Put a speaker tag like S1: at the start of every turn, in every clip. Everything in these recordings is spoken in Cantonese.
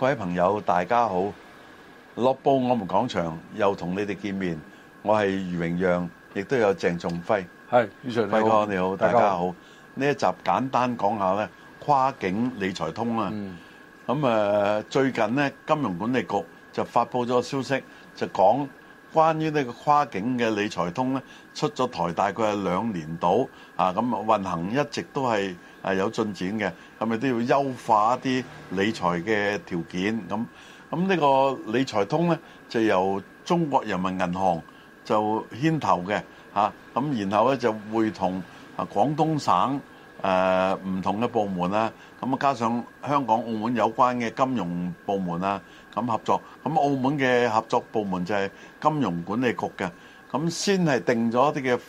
S1: 各位朋友，大家好！樂報我們講場又同你哋見面，我係余榮讓，亦都有鄭仲輝。係，余 Sir，輝哥你好，你好，大家好。呢一集簡單講下咧，跨境理財通啊。咁、嗯啊、最近咧金融管理局就發布咗消息，就講。關於呢個跨境嘅理財通咧，出咗台大概係兩年到啊，咁運行一直都係係有進展嘅，咁咪都要優化一啲理財嘅條件咁。咁呢個理財通咧就由中國人民銀行就牽頭嘅嚇，咁然後咧就會同啊廣東省誒唔同嘅部門啦，咁啊加上香港澳門有關嘅金融部門啊。咁合作，咁澳門嘅合作部門就係金融管理局嘅，咁先係定咗一啲嘅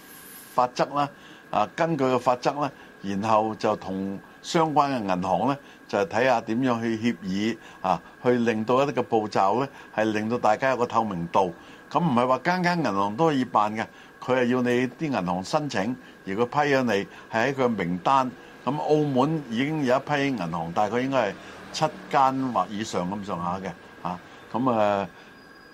S1: 法則啦。啊，根據個法則咧，然後就同相關嘅銀行咧，就係睇下點樣去協議啊，去令到一啲嘅步驟咧，係令到大家有個透明度。咁唔係話間間銀行都可以辦嘅，佢係要你啲銀行申請，如果批咗你係喺佢嘅名單。咁澳門已經有一批銀行，大概應該係七間或以上咁上下嘅。咁啊、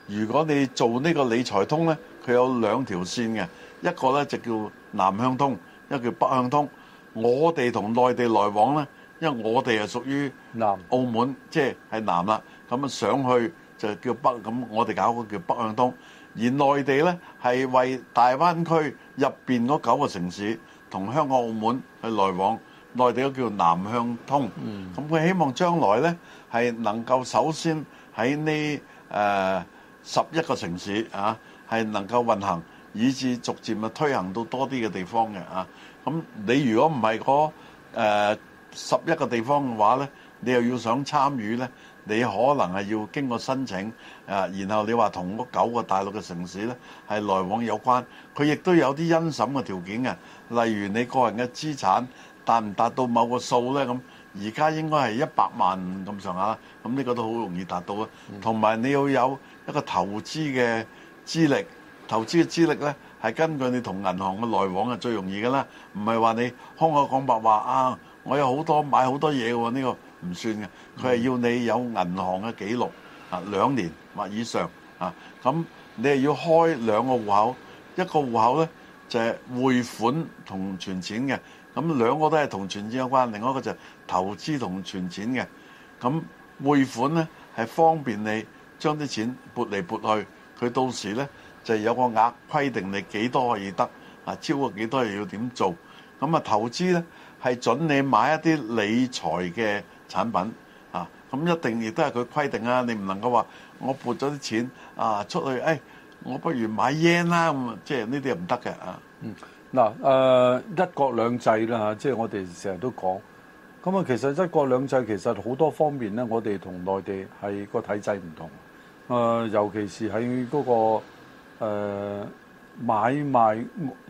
S1: 嗯，如果你做呢個理財通咧，佢有兩條線嘅，一個咧就叫南向通，一個叫北向通。我哋同內地來往咧，因為我哋啊屬於南澳門，南即係南啦，咁啊上去就叫北，咁我哋搞個叫北向通，而內地咧係為大灣區入邊嗰九個城市同香港、澳門去來往。內地都叫南向通，咁佢、嗯、希望將來呢係能夠首先喺呢誒十一個城市啊係能夠運行，以至逐漸啊推行到多啲嘅地方嘅啊。咁、嗯、你如果唔係嗰十一個地方嘅話呢，你又要想參與呢，你可能係要經過申請啊，然後你話同嗰九個大陸嘅城市呢係來往有關，佢亦都有啲審審嘅條件嘅，例如你個人嘅資產。達唔達到某個數呢？咁，而家應該係一百萬咁上下啦。咁呢個都好容易達到啊。同埋你要有一個投資嘅資歷，投資嘅資歷呢係根據你同銀行嘅來往係最容易㗎啦。唔係話你空口講白話啊，我有好多買好多嘢喎，呢、這個唔算嘅。佢係要你有銀行嘅記錄啊，兩年或以上啊。咁你係要開兩個戶口，一個戶口呢就係、是、匯款同存錢嘅。咁兩個都係同存錢有關，另外一個就投資同存錢嘅。咁匯款呢係方便你將啲錢撥嚟撥去，佢到時呢就有個額規定你幾多可以得，啊，超過幾多又要點做。咁啊投資呢係準你買一啲理財嘅產品，啊咁一定亦都係佢規定啊，你唔能夠話我
S2: 撥咗啲錢啊出去，哎，誒我不如買日圓啦，咁即係呢啲唔得嘅啊。嗱，誒、呃、一國兩制啦嚇，即係我哋成日都講，咁啊其實一國兩制其實好多方面咧，我哋同內地係個體制唔同，誒、呃、尤其是喺嗰、那個誒、呃、買賣，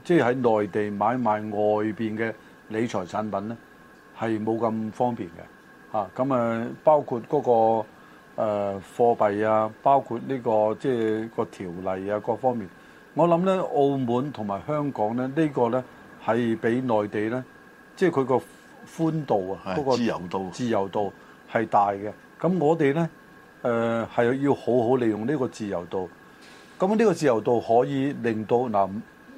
S2: 即係喺內地買賣外邊嘅理財產品咧，係冇咁方便嘅，嚇咁啊包括嗰、那個誒、呃、貨幣啊，包括呢、這個即係個條例啊各方面。我諗咧，澳門同埋香港咧，呢個咧係比內地咧，即係佢個寬度啊，不過自由度自由度係大嘅。咁我哋咧，誒係要好好利用呢個自由度。咁呢個自由度可以令到嗱，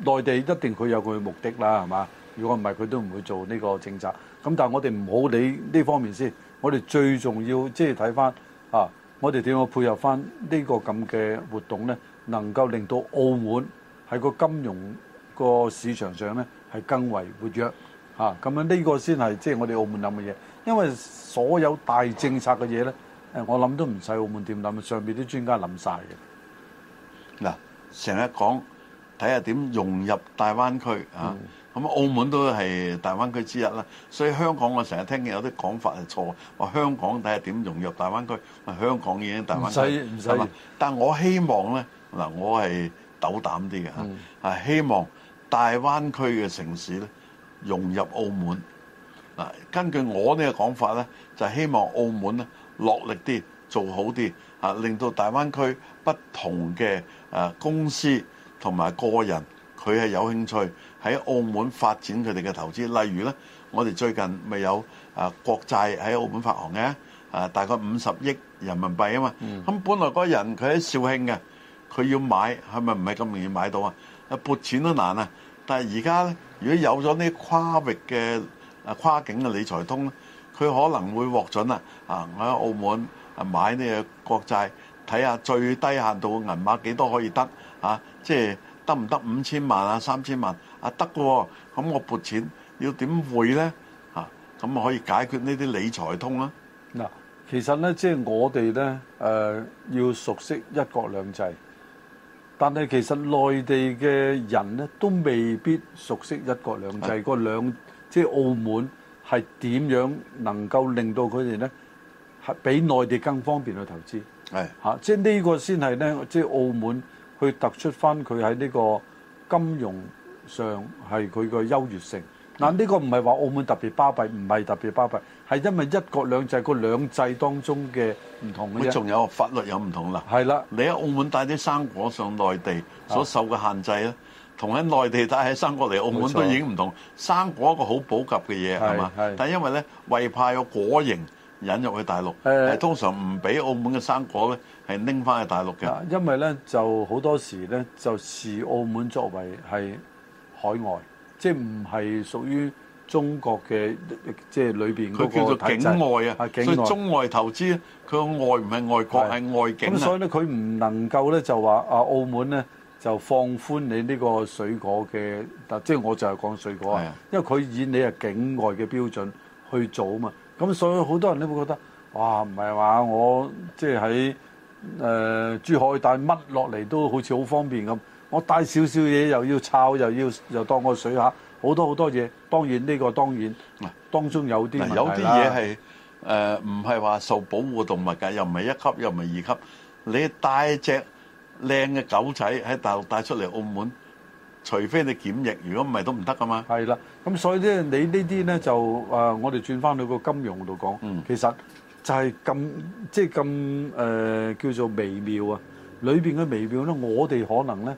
S2: 內地一定佢有佢嘅目的啦，係嘛？如果唔係，佢都唔會做呢個政策。咁但係我哋唔好理呢方面先。我哋最重要即係睇翻啊，我哋點樣配合翻呢個咁嘅活動咧？能夠令到澳門喺個金融個市場上咧係更為活躍嚇，咁樣呢個先係即係我哋澳門諗嘅嘢，因為所有大政策嘅嘢咧，誒我諗都唔使澳門點諗，上邊啲專家諗曬嘅。
S1: 嗱，
S2: 成日講睇下點融入大
S1: 灣區嚇，咁澳門都係大灣區之一啦，所以香港我成日聽見有啲講法係錯，話香港睇下點融入大灣區，話香港已經大灣區，唔使唔使，但係我希望咧。嗱，我係斗膽啲嘅嚇，係希望大灣區嘅城市咧融入澳門。嗱，根據我呢個講法咧，就希望澳門咧落力啲，做好啲，嚇，令到大灣區不同嘅誒公司同埋個人，佢係有興趣喺澳門發展佢哋嘅投資。例如咧，我哋最近咪有誒國債喺澳門發行嘅，誒大概五十億人民幣啊嘛。咁本來嗰人佢喺肇慶嘅。佢要買係咪唔係咁容易買到啊？啊撥錢都難啊！但係而家咧，如果有咗呢跨域嘅啊跨境嘅理財通，佢可能會獲准啦啊！我喺澳門啊買呢個國債，睇下最低限度銀碼幾多可以得啊？即係得唔得五千萬啊，三千萬啊得㗎喎！咁我撥錢要點匯咧啊？咁可以解決呢
S2: 啲理財通啦！嗱，其實咧即係我哋咧誒要熟悉一國兩制。但係其實內地嘅人咧，都未必熟悉一國兩制。嗰兩，即係澳門係點樣能夠令到佢哋咧，係比內地更方便去投資。係嚇，即係呢個先係咧，即係澳門去突出翻佢喺呢個金融上係佢個優越性。嗱，呢個唔係話澳門特別巴閉，唔係特別巴閉。係因為一國兩制個兩制當中嘅唔同嘅，仲有法律有唔同啦。係
S1: 啦的，你喺澳門帶啲生果上內地，所受嘅限制咧，同喺的內地帶喺生果嚟澳門錯都已經唔同。生果是一個好補給嘅嘢係嘛？但係因為咧，為怕有果蠅引入去大陸，的通常唔俾澳門嘅生果咧係拎翻去大陸嘅。
S2: 因為咧就好多時咧就視澳門作為係海外，即係唔係屬於。中國嘅即係裏邊嗰個體制，佢叫做境外啊，所以中外投資咧，佢外唔係外國，係外境啊。咁所以咧，佢唔能夠咧就話啊，澳門咧就放寬你呢個水果嘅，即係我就係講水果啊。因為佢以你係境外嘅標準去做啊嘛。咁所以好多人都會覺得，哇，唔係話我即係喺誒珠海帶乜落嚟都好似好方便咁。我帶少少嘢又要摷，又要又當我水客。好多好多嘢，當然呢個當然，嗱當中有啲，有啲嘢係
S1: 誒唔係話受保護動物㗎，又唔係一級又唔係二級。你帶隻靚嘅狗仔喺大陸帶出嚟澳門，除非你檢疫，
S2: 如果唔係都唔得㗎嘛。係啦，咁所以咧，你呢啲咧就誒，我哋轉翻去個金融度講，其實就係咁即係咁誒叫做微妙啊。裏邊嘅微妙咧，我哋可能咧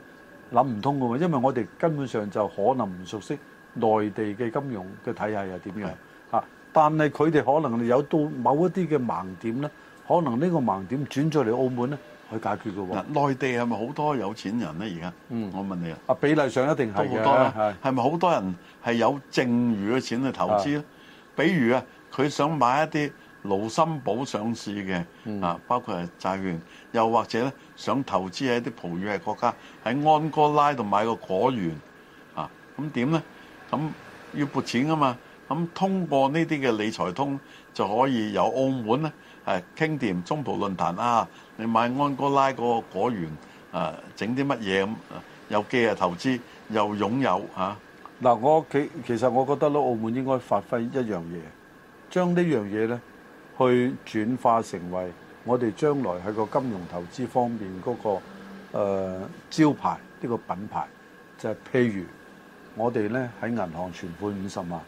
S2: 諗唔通㗎嘛，因為我哋根本上就可能唔熟悉。內地嘅金融嘅體系又點樣是的 啊？但係佢哋可能有到某一啲嘅盲點咧，可能呢個盲點轉咗嚟澳門咧，去解決嘅喎、啊。內地係咪好多有錢人咧？而家嗯，我問你啊，比例上一定係好多啦，
S1: 係咪好多人係有剩餘嘅錢去投資咧？的比如啊，佢想買一啲盧森堡上市嘅、嗯、啊，包括係債券，又或者咧想投資喺啲葡語嘅國家，喺安哥拉度買個果園啊，咁點咧？咁要撥錢啊嘛！咁通過呢啲嘅理財通就可以由澳門咧，係傾掂中葡論壇啊！你買安哥拉嗰個果園啊，整啲乜嘢咁，又既投資又擁有
S2: 嚇。嗱，我其其實我覺得咯澳門應該發揮一樣嘢，將呢樣嘢咧去轉化成為我哋將來喺個金融投資方面嗰個誒招牌呢個品牌，就係譬如。我哋呢喺銀行存款五十萬，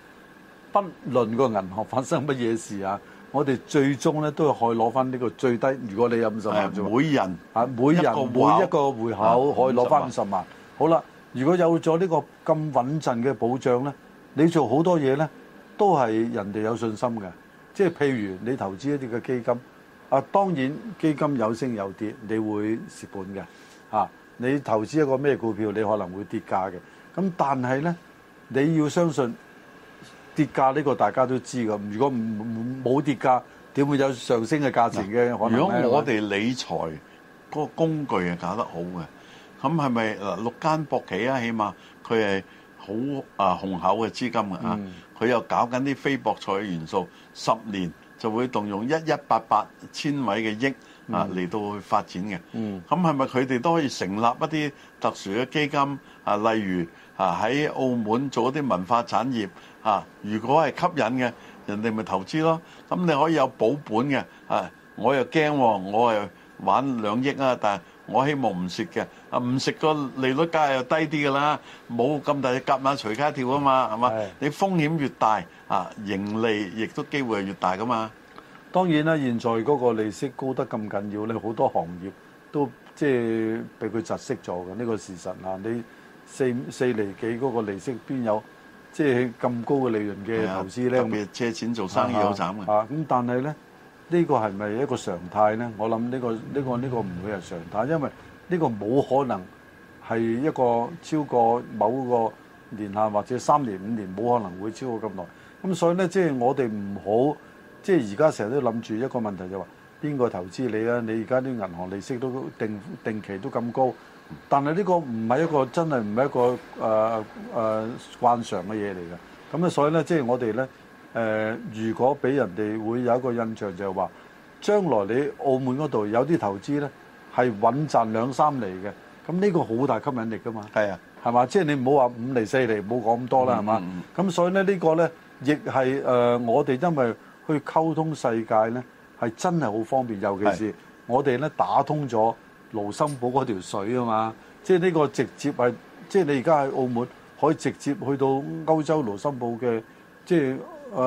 S2: 不論個銀行發生乜嘢事啊，我哋最終呢都係可以攞翻呢個最低。如果你有五十萬，每人啊，每人每一個戶口可以攞翻五十萬。好啦，如果有咗呢個咁穩陣嘅保障呢，你做好多嘢呢都係人哋有信心嘅。即係譬如你投資一啲嘅基金啊，當然基金有升有跌，你會蝕本嘅。嚇，你投資一個咩股票，你可能會跌價嘅。咁但係咧，你要相信跌價呢個大家都知噶。如果唔冇跌價，點會有上升嘅價錢嘅？如果我哋
S1: 理財嗰個工具係搞得好嘅，咁係咪嗱六間博企啊？起碼佢係好啊雄厚嘅資金啊，佢、嗯、又搞緊啲非博彩嘅元素，十年就會動用一一八八千位嘅億啊嚟到去發展嘅。咁係咪佢哋都可以成立一啲特殊嘅基金啊？例如啊！喺澳門做一啲文化產業，啊！如果係吸引嘅，人哋咪投資咯。咁你可以有保本嘅。啊！我又驚喎，我係玩兩億啊，但係我希望唔蝕嘅。啊！唔蝕個利率價又低啲嘅啦，冇咁大隻夾馬隨街跳啊嘛，係嘛？你風險越大，啊，盈利亦都機會係越大
S2: 噶嘛。當然啦，現在嗰個利息高得咁緊要你，好多行業都即係俾佢窒息咗嘅呢個事實啊！你。四四厘幾嗰個利息邊有，即係咁高嘅利潤嘅投資呢？咁嘅借錢做生意好慘啊，咁、啊啊、但係呢，呢、這個係咪一個常態呢？我諗呢、這個呢、這個呢、這個唔會係常態，因為呢個冇可能係一個超過某個年限或者三年五年冇可能會超過咁耐。咁所以呢，即係我哋唔好，即係而家成日都諗住一個問題就話、是，邊個投資你啊？你而家啲銀行利息都定定期都咁高。但係呢個唔係一個真係唔係一個誒誒、呃呃、慣常嘅嘢嚟嘅，咁所以呢，即係我哋呢，誒、呃，如果俾人哋會有一個印象就係話，將來你澳門嗰度有啲投資呢，係穩賺兩三厘嘅，咁呢個好大吸引力噶嘛？係啊，係嘛？即係你唔好話五厘四厘，唔好講咁多啦，係嘛、嗯？咁所以呢，呢、呢個呢，亦係誒、呃，我哋因為去溝通世界呢，係真係好方便，尤其是我哋呢打通咗，盧森堡嗰條水啊嘛，即係呢個直接係，即係你而家喺澳門可以直接去到歐洲盧森堡嘅，即係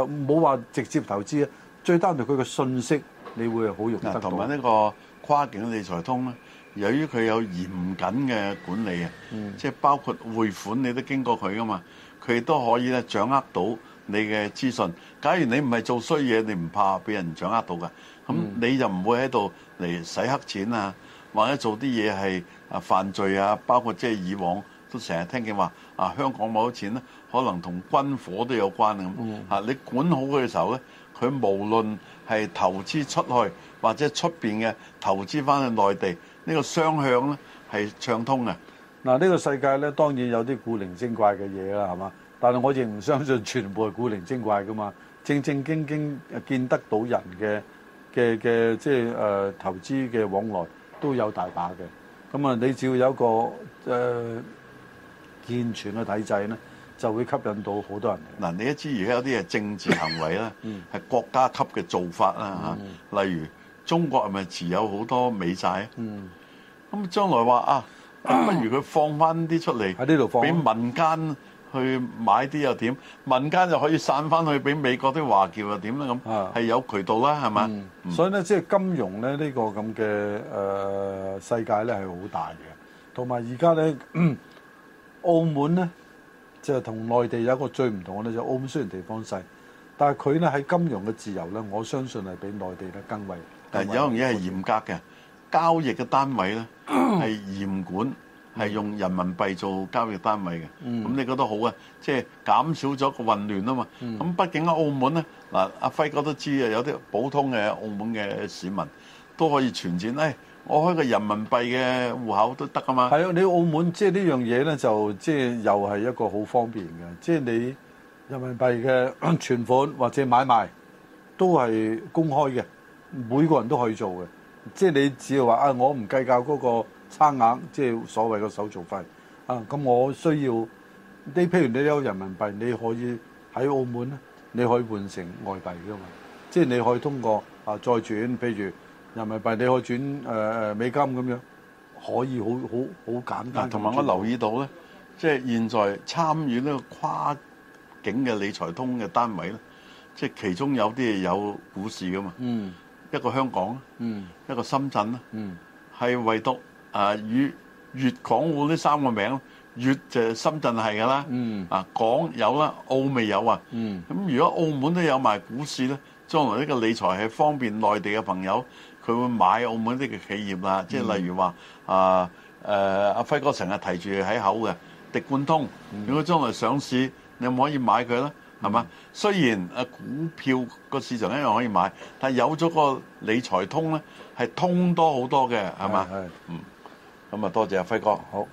S2: 唔好話直接投資啊，最單獨佢嘅信息你會好容易得到。同埋呢個跨境理財通咧，
S1: 由於佢有嚴謹嘅管理啊，嗯、即係包括匯款你都經過佢噶嘛，佢都可以咧掌握到你嘅資訊。假如你唔係做衰嘢，你唔怕俾人掌握到㗎，咁你就唔會喺度嚟洗黑錢啊！或者做啲嘢係啊犯罪啊，包括即係以往都成日聽見話啊香港冇錢咧，可能同軍火都有關啊。你管好佢嘅時候咧，佢無論係投資出去或者出邊嘅投資翻去內地呢
S2: 個雙向咧係暢通嘅。嗱呢個世界咧當然有啲古靈精怪嘅嘢啦，係嘛？但係我亦唔相信全部係古靈精怪噶嘛，正正經經見得到人嘅嘅嘅即係誒投資嘅往來。都有大把嘅，咁啊，你只要有一個誒、呃、健全嘅體制咧，就會吸引到好多人嚟。嗱，你知而家有啲嘢政治行為啦，係、 嗯、國家
S1: 級嘅做法啦吓、啊，例如中國係咪持有好多美債啊，嗯，咁將來話啊，不如佢放翻啲出嚟喺呢度，放俾、啊、民間。去買啲又點？民間就可以散翻去俾美國啲華僑又點啦？咁？係有渠道啦，係嘛、嗯？
S2: 所以咧，即係金融咧呢個咁嘅誒世界咧係好大嘅。同埋而家咧，澳門咧，即係同內地有一個最唔同嘅咧，就是、澳門雖然地方細，但佢咧喺金融嘅自由咧，我相信係比內地咧更為，更為，但有一樣嘢係嚴格嘅、嗯、交易嘅單位
S1: 咧係嚴管。係用人民幣做交易單位嘅，咁、嗯、你覺得好、就是減嗯、啊？即係減少咗個混亂啊嘛。咁畢竟喺澳門咧，嗱，阿輝哥都知啊，有啲普通嘅澳門嘅市民都可以存錢咧。我開個人民幣
S2: 嘅戶口都得啊嘛。係啊，你澳門即係呢樣嘢咧，就即係又係一個好方便嘅，即、就、係、是、你人民幣嘅 存款或者買賣都係公開嘅，每個人都可以做嘅。即、就、係、是、你只要話啊，我唔計較嗰、那個。差額即係所謂嘅手續費啊！咁我需要，你譬如你有人民幣，你可以喺澳門咧，你可以換成外幣噶嘛？即係你可以通過啊再轉，譬如人民幣你可以轉、呃、美金咁樣，可以好好好簡單。同埋、啊、我留
S1: 意到咧，即、
S2: 就、係、是、現在參
S1: 與呢個跨境嘅理財通嘅單位咧，即、就、係、是、其中有啲係有股市噶嘛？嗯，一個香港啊，嗯，一個深圳啊，嗯，係唯獨。啊，粵粵港澳呢三個名，粵就深圳係㗎啦。嗯。啊，港有啦，澳未有啊。嗯。咁如果澳門都有埋股市咧，將來呢個理財係方便內地嘅朋友，佢會買澳門呢個企業啦。即係例如話、嗯、啊，誒、啊、阿輝哥成日提住喺口嘅，迪冠通。嗯、如果將來上市，你有冇可以買佢咧？係嘛？嗯、雖然啊股票個市場一樣可以買，但係有咗個理財通咧，係通多好多嘅係嘛？係。嗯。咁啊，多謝啊，輝哥，好。